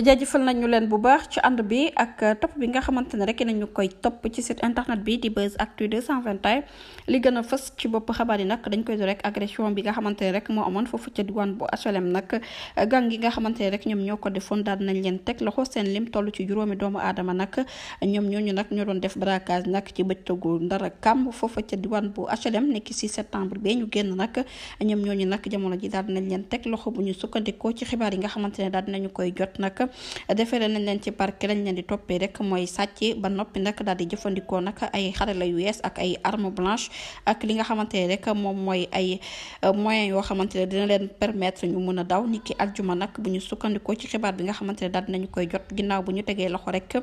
jaajëfal nañu leen bu baax ci ànd bi ak topp bi nga xamante ne rek nañu koy topp ci site internet bi di Buzz Actu 221 li gën a fës ci bopp xabaar yi nag dañ koy do rek agression bi nga xamante ne rek moo amoon foofu ca diwaan bu HLM nag gang yi nga xamante ne rek ñoom ñoo ko defoon daal nañ leen teg loxo seen lim toll ci juróomi doomu aadama nag ñoom ñooñu nag ñoo doon def braquage nag ci bëccëgu ndara kàmm foofu ca diwaan bu HLM nekki si septembre bee ñu génn nag ñoom ñooñu nag jamono ji daal nañ leen teg loxo bu ñu sukkandikoo ci xibaar yi nga xamante ne daal dinañu koy jot nag nag defeere nañ leen ci parquet lañ leen di toppee rek mooy sàcc ba noppi nag daal di jëfandikoo nag ay xarala yu yees ak ay arme blanche ak li nga xamante ne rek moom mooy ay euh, moyens yoo xamante ne dina leen permettre ñu mun a daw ni ki aljuma nag bu ñu sukkandikoo ci xibaar bi nga xamante ne daal dinañu koy jot ginnaaw bu ñu tegee loxo rek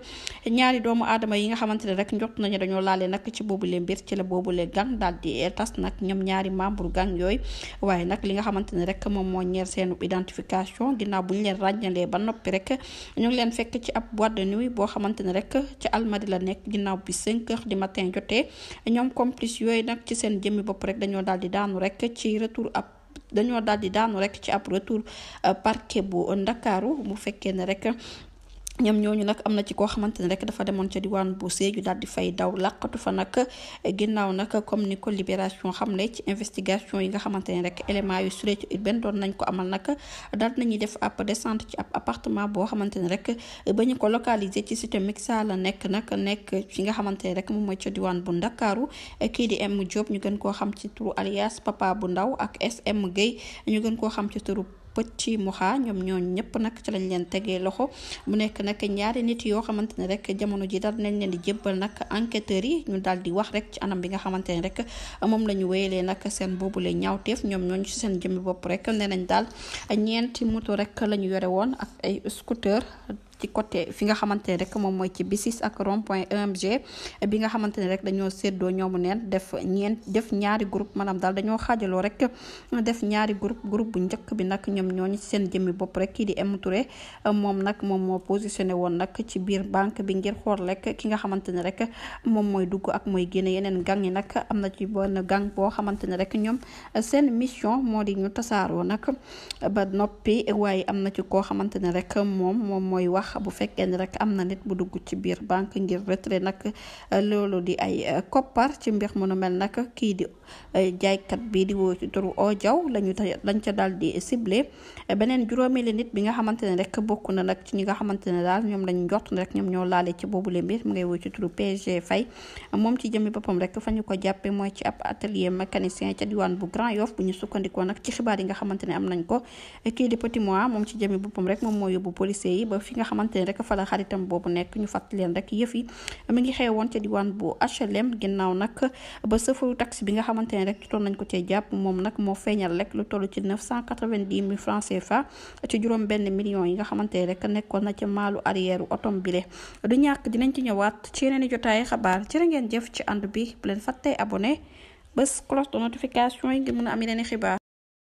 ñaari doomu aadama yi nga xamante ne rek njort nañu dañoo laale nag ci boobule mbir ci la boobule gang daal di tas nag ñoom ñaari membre gang yooyu waaye nag li ñeer seen identification ginnaaw bu ñu leen ràññalee ba noppi rek nag ñu leen fekk ci ab boîte de nuit boo xamante ne rek ci almadi la nekk ginnaaw bi 5 heures du matin jotee ñoom complice yooyu nag ci seen jëmmi bopp rek dañoo daal di daanu rek ci retour ab dañoo daal di daanu rek ci ab retour euh, parquet bu ndakaaru bu fekkee ne rek ñoom ñooñu nag am na ci koo xamante ne rek dafa demoon ca diwaan bu Sédhiou daal di fay daw làqatu fa nag ginnaaw nag comme ni ko libération xamle ci investigation yi nga xamante ne rek élément yu sûreté urbaine doon nañ ko amal nag daal nañuy def ab descente ci ab appartement boo xamante ne rek ba ñu ko localiser ci cité Mixa la nekk nag nekk fi nga xamante ne rek moom mooy ca diwaan bu Ndakaaru kii di M Diop ñu gën koo xam ci turu alias Papa bu Ndaw ak SM Guèye ñu gën koo xam ci turu. Petit Moura ñoom ñoo ñëpp nag ci lañ leen tegee loxo mu nekk nag ñaari nit yoo xamante ne rek jamono ji dal nañ leen di jébbal nag enquêteurs yi ñu dal di wax rek ci anam bi nga xamante ne rek moom la ñu wéyalee nag seen boobule ñaawteef ñoom ñooñ ci seen jëmmi bopp rek nee nañ daal ñeenti moto rekk la ñu yore woon ak ay scooter ci côté fi nga xamante ne rek moom mooy ci BICIS ak rond point EMG bi nga xamante ne rek dañoo séddoo ñoomu neen def ñeent def ñaari group maanaam daal dañoo xaajaloo rek def ñaari groupe groupe bu njëkk bi nag ñoom ñooñu ci seen jëmmi bopp rek kii di M moom nag moom moo positionné woon nag ci biir banque bi ngir xool rek ki nga xamante ne rek moom mooy dugg ak mooy génne yeneen gang yi nag am na ci benn gang boo xamante ne rek ñoom seen mission moo di tasaaroo nag ba noppi waaye am na ci koo xamante ne rek moom moom mooy wax baax bu fekkee ni rek am na nit bu dugg ci biir banque ngir retrait nag euh, loolu di ay euh, koppar ci mbir mu nu mel nag kii di euh, jaaykat bi di woo ci turu oo jaw lañu lañ ca daal di ciblé beneen juróomeeli nit bi nga xamante ne rek bokk na nak ci ñi nga xamante ne daal ñoom lañ njort na rek ñoom ñoo laale ci boobule mbir mu ngay woo ci turu PG Faye moom ci jëmmi boppam rek fa ñu ko jàppe mooy ci ab atelier mécanicien ca diwaan bu Grand Yoff bu ñu sukkandikoo nag ci xibaar yi nga xamante ne am nañ ko xamante ne rek fa la xaritam boobu nekk ñu fàttali leen rek yëf yi mi ngi xewoon ca diwaan bu HLM ginnaaw nag ba sëfaru taxi bi nga xamante ne rek jotoon nañ ko cee jàpp moom nag moo feeñal rek lu toll ci neuf cent quatre-vingt-dix mille million yi nga xamante ne rek nekkoon na ci maalu arrière otom bile du ñàkk dinañ ci ñëwaat ci yeneen i jotaayu xabaar jërë ngeen jëf ci ànd bi bu leen fàttee abonné bés cloche de notification yi ngir mën a am xibaar